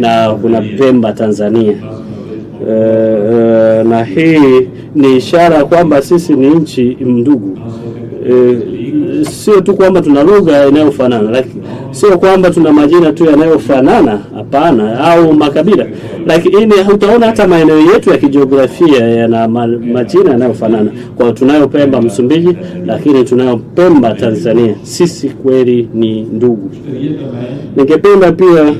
na kuna Pemba Tanzania. E, e, na hii ni ishara kwamba sisi ni nchi ndugu. E, sio tu kwamba tuna lugha inayofanana sio kwamba tuna majina tu yanayofanana, hapana, au makabila, lakini utaona hata maeneo yetu ya kijiografia yana majina yanayofanana. Kwa tunayo Pemba Msumbiji, lakini tunayo Pemba Tanzania. Sisi kweli ni ndugu. Ningependa pia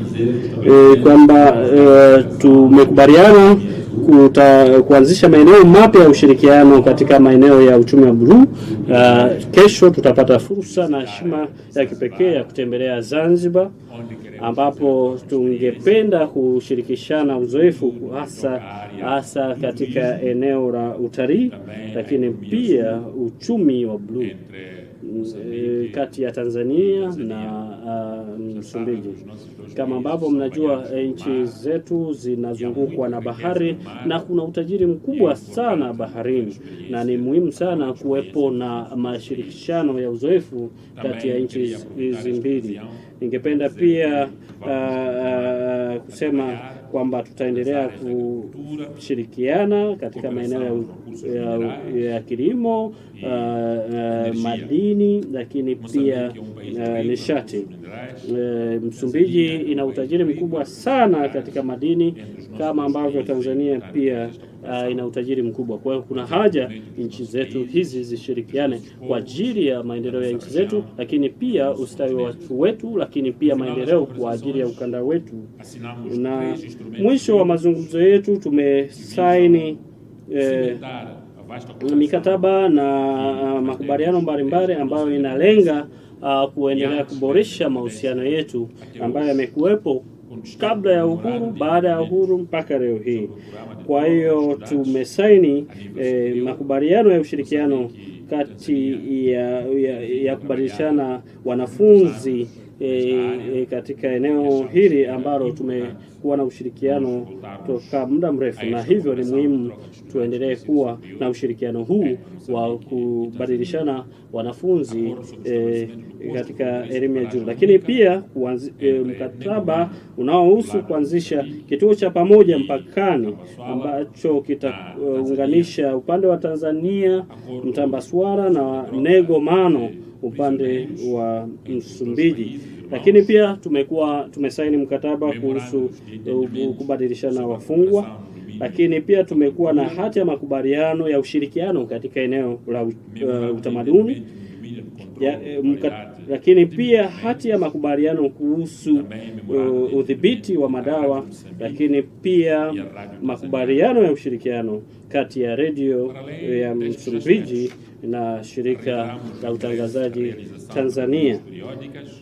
eh, kwamba eh, tumekubaliana kuta, kuanzisha maeneo mapya ya ushirikiano katika maeneo ya uchumi wa buluu. Uh, kesho tutapata fursa na heshima ya kipekee ya kutembelea Zanzibar ambapo tungependa kushirikishana uzoefu hasa hasa katika eneo la utalii, lakini pia uchumi wa buluu. Eh, kati ya Tanzania na ah, Msumbiji. Kama ambavyo mnajua, eh, nchi zetu zinazungukwa na bahari na kuna utajiri mkubwa sana baharini, na ni muhimu sana kuwepo na mashirikishano ya uzoefu kati ya nchi hizi mbili. Ningependa pia uh, kusema kwamba tutaendelea kushirikiana katika maeneo ya, ya, ya kilimo uh, uh, madini lakini pia uh, nishati. Uh, Msumbiji ina utajiri mkubwa sana katika madini kama ambavyo Tanzania pia uh, ina utajiri mkubwa. Kwa hiyo kuna haja nchi zetu hizi zishirikiane kwa ajili ya maendeleo ya nchi zetu, lakini pia ustawi wa watu wetu, lakini pia maendeleo kwa ajili ya ukanda wetu. Na mwisho wa mazungumzo yetu tumesaini eh, mikataba na uh, makubaliano mbalimbali ambayo inalenga uh, kuendelea kuboresha mahusiano yetu ambayo yamekuwepo kabla ya uhuru, baada ya uhuru, mpaka leo hii. Kwa hiyo tumesaini eh, makubaliano ya ushirikiano kati ya, ya, ya kubadilishana wanafunzi e, katika eneo hili ambalo tumekuwa na ushirikiano toka muda mrefu, na hivyo ni muhimu tuendelee kuwa na ushirikiano huu wa kubadilishana wanafunzi e, katika elimu ya juu, lakini pia e, mkataba unaohusu kuanzisha kituo cha pamoja mpakani ambacho kitaunganisha upande wa Tanzania Mtambaswara na Negomano upande wa Msumbiji, lakini pia tumekuwa tumesaini mkataba kuhusu uh, kubadilishana wafungwa, lakini pia tumekuwa na hati ya makubaliano ya ushirikiano katika eneo la uh, utamaduni ya, eh, mka, lakini pia hati ya makubaliano kuhusu uh, udhibiti wa madawa, lakini pia makubaliano ya ushirikiano kati ya redio ya Msumbiji na shirika la utangazaji Tanzania,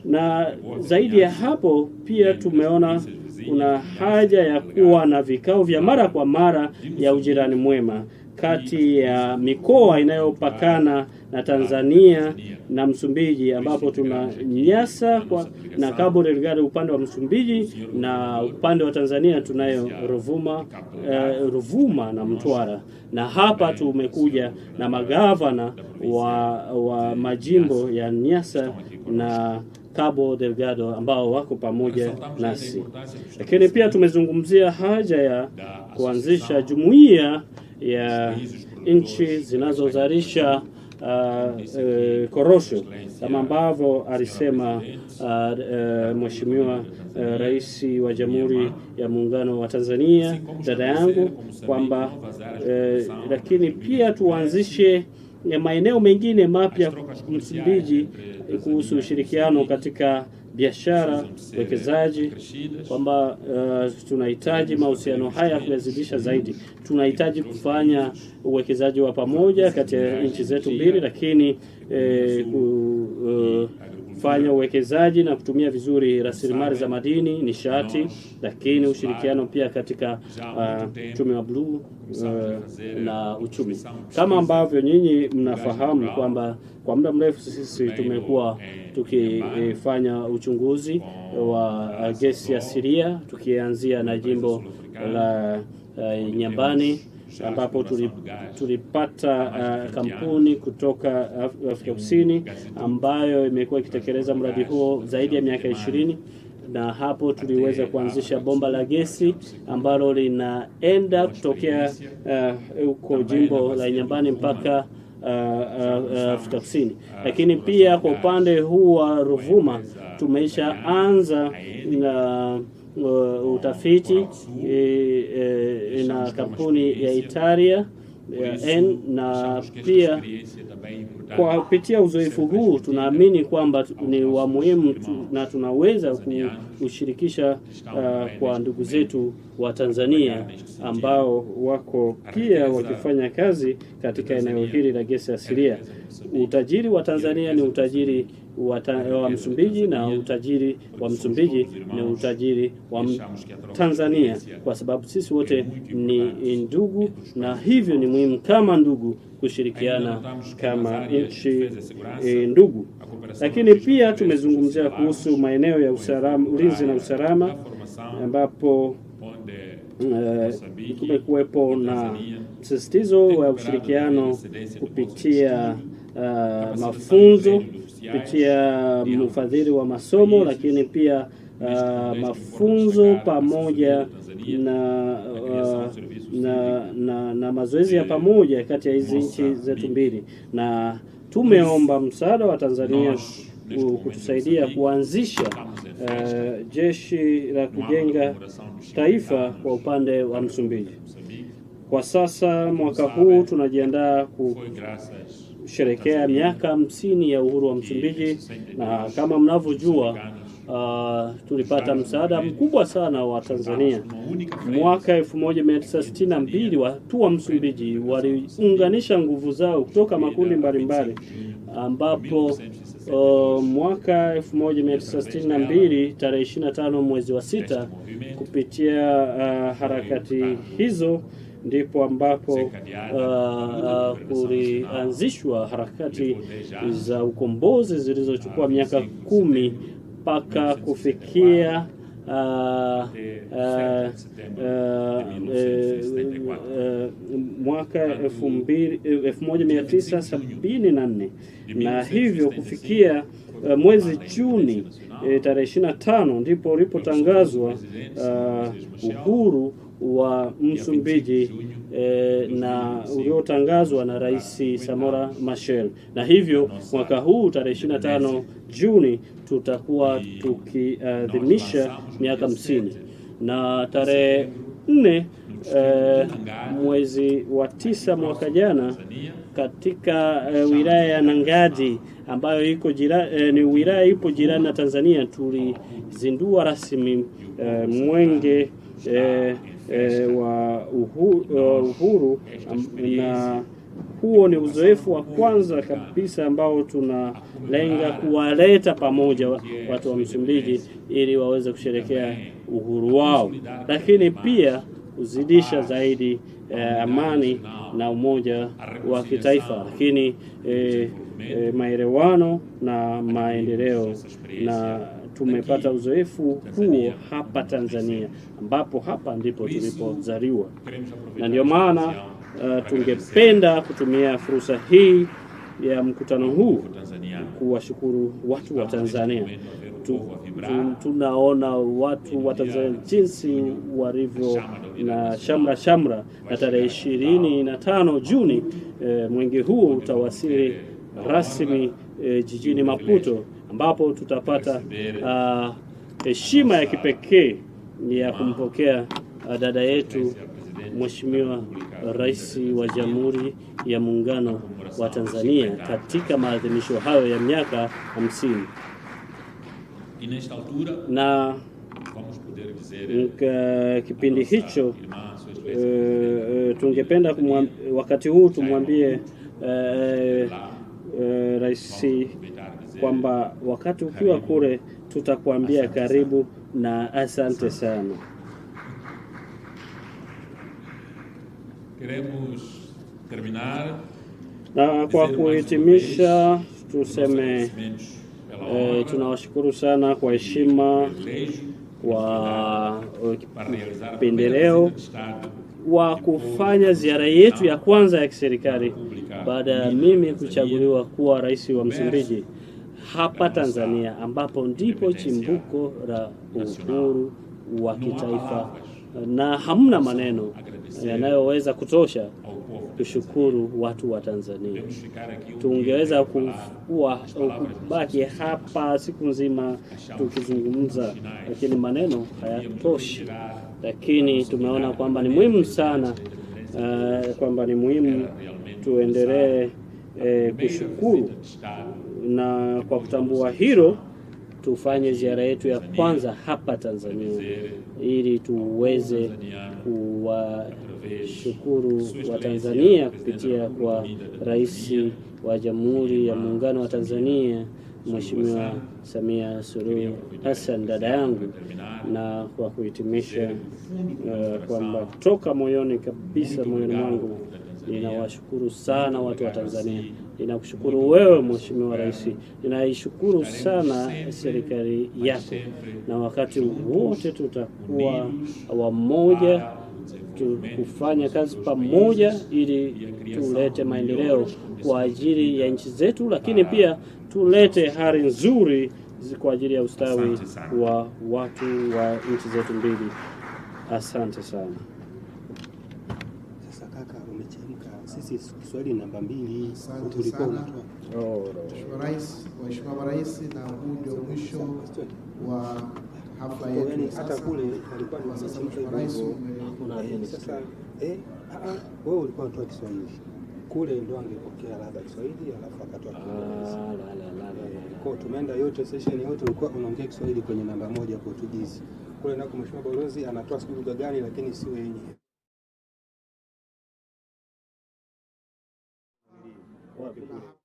na zaidi ya hapo pia tumeona kuna haja ya kuwa na vikao vya mara kwa mara ya ujirani mwema kati ya mikoa inayopakana na Tanzania na Msumbiji, ambapo tuna Nyasa kwa, na Cabo Delgado upande wa Msumbiji na upande wa Tanzania tunayo Ruvuma, uh, Ruvuma na Mtwara, na hapa tumekuja na magavana wa, wa majimbo ya Nyasa na Cabo Delgado ambao wako pamoja nasi, lakini pia tumezungumzia haja ya kuanzisha jumuiya ya nchi zinazozalisha Uh, uh, korosho kama ambavyo alisema uh, uh, Mheshimiwa uh, Rais wa Jamhuri ya Muungano wa Tanzania, dada yangu kwamba uh, lakini pia tuanzishe maeneo mengine mapya Msumbiji kuhusu ushirikiano katika biashara, wekezaji, kwamba uh, tunahitaji mahusiano haya kuyazidisha zaidi. Tunahitaji kufanya uwekezaji wa pamoja kati ya nchi zetu mbili, lakini eh, fanya uwekezaji na kutumia vizuri rasilimali za madini, nishati, lakini ushirikiano pia katika uh, uchumi wa bluu uh, na uchumi kama ambavyo nyinyi mnafahamu kwamba kwa muda mrefu sisi tumekuwa tukifanya uchunguzi wa gesi asilia tukianzia na jimbo la uh, Nyambani ambapo tulipata uh, kampuni kutoka Afrika Kusini ambayo imekuwa ikitekeleza mradi huo zaidi ya miaka ishirini na hapo tuliweza kuanzisha bomba la gesi ambalo linaenda kutokea uh, huko uh, jimbo la nyambani mpaka Afrika Kusini. Uh, uh, lakini pia kwa upande huu wa Ruvuma tumeshaanza uh, uh, utafiti e, e, na kampuni ya Italia ya N, na pia kwa kupitia uzoefu huu tunaamini kwamba ni wa muhimu tu, na tunaweza kushirikisha uh, kwa ndugu zetu wa Tanzania ambao wako pia wakifanya kazi katika eneo hili la gesi asilia. Utajiri wa Tanzania ni utajiri wa Msumbiji na utajiri wa Msumbiji ni utajiri wa Tanzania, kwa sababu sisi wote ni ndugu, na hivyo ni muhimu kama ndugu kushirikiana kama nchi e, ndugu. Lakini pia tumezungumzia kuhusu maeneo ya usalama, ulinzi na usalama ambapo Uh, kumekuwepo na msisitizo wa ushirikiano kupitia uh, mafunzo kupitia ufadhili wa masomo, lakini pia uh, mafunzo pamoja na, uh, na, na, na mazoezi ya pamoja kati ya hizi nchi zetu mbili, na tumeomba msaada wa Tanzania kutusaidia kuanzisha uh, jeshi la kujenga taifa kwa upande wa Msumbiji. Kwa sasa mwaka huu tunajiandaa ku kusherekea miaka hamsini ya uhuru wa Msumbiji, na kama mnavyojua Uh, tulipata msaada mkubwa sana wa Tanzania mwaka 1962. Watu wa Msumbiji waliunganisha nguvu zao kutoka makundi mbalimbali, ambapo uh, mwaka 1962 tarehe 25 mwezi wa sita, kupitia uh, harakati hizo ndipo ambapo uh, kulianzishwa harakati za ukombozi zilizochukua uh, miaka kumi mpaka kufikia Uh, uh, uh, uh, uh, mwaka elfu mbili elfu moja mia tisa sabini na nne na hivyo kufikia uh, mwezi Juni eh, uh, tarehe 25 ndipo ulipotangazwa uh, uhuru wa Msumbiji eh, na uliotangazwa na Rais Samora Machel, na hivyo mwaka huu tarehe 25 Juni tutakuwa tukiadhimisha uh, miaka 50 na tarehe 4 eh, mwezi wa tisa mwaka jana katika eh, wilaya ya Nangadi ambayo iko jira, eh, ni wilaya ipo jirani na Tanzania tulizindua rasmi eh, mwenge e, e, wa uhuru, uhuru na huo ni uzoefu wa kwanza kabisa ambao tunalenga kuwaleta pamoja watu wa Msumbiji ili waweze kusherekea uhuru wao, lakini pia kuzidisha zaidi eh, amani na umoja wa kitaifa, lakini eh, eh, maelewano na maendeleo na tumepata uzoefu huo hapa Tanzania, ambapo hapa ndipo tulipozaliwa, na ndio maana uh, tungependa kutumia fursa hii ya mkutano huu kuwashukuru watu wa Tanzania. Tu, tu, tunaona watu wa Tanzania jinsi walivyo na shamra shamra, na tarehe ishirini na tano Juni eh, mwenge huu utawasili rasmi eh, jijini Maputo ambapo tutapata ah, heshima uh, ya kipekee ni ya kumpokea ah, dada yetu Mheshimiwa Rais wa Jamhuri ya Muungano wa Tanzania katika maadhimisho hayo ya miaka hamsini na Mka, ah, kipindi hicho e, tungependa kumuambi, wakati huu tumwambie e, e, Rais kwamba wakati ukiwa kule tutakuambia karibu na asante sana. Na kwa kuhitimisha, tuseme e, tunawashukuru sana kwa heshima kwa pendeleo wa kufanya ziara yetu ya kwanza ya kiserikali baada ya mimi kuchaguliwa kuwa rais wa Msumbiji hapa Tanzania ambapo ndipo chimbuko la uhuru wa kitaifa, na hamna maneno yanayoweza kutosha kushukuru watu wa Tanzania. Tungeweza kuwa kubaki hapa siku nzima tukizungumza, lakini maneno hayatoshi. Lakini tumeona kwamba ni muhimu sana uh, kwamba ni muhimu tuendelee eh, kushukuru na kwa kutambua hilo tufanye ziara yetu ya kwanza hapa Tanzania ili tuweze kuwashukuru Watanzania kupitia kwa Rais wa Jamhuri ya Muungano wa Tanzania Mheshimiwa Samia Suluhu Hassan, dada yangu, na kwa kuhitimisha uh, kwamba toka moyoni kabisa moyoni mwangu Ninawashukuru sana watu wa Tanzania. Ninakushukuru wewe Mheshimiwa Rais, ninaishukuru sana serikali yako, na wakati wote tutakuwa wamoja kufanya kazi pamoja ili tulete maendeleo kwa ajili ya nchi zetu, lakini pia tulete hali nzuri kwa ajili ya ustawi wa watu wa nchi zetu mbili. Asante sana. sisi Kiswahili namba mbili. Asante sana Mheshimiwa Rais, Marais, na huu ndio mwisho wa hafla yetu. Yaani, sasa Mheshimiwa Rais, eh, ah, ah, wewe ulikuwa unatoa Kiswahili kule ndo angepokea labda Kiswahili alafu akatoa ah, kwa tumeenda yote session yote ulikuwa unaongea Kiswahili kwenye namba moja kwa tujizi kule nako. Mheshimiwa Balozi anatoa sijui lugha gani, lakini si wenyewe Thank you.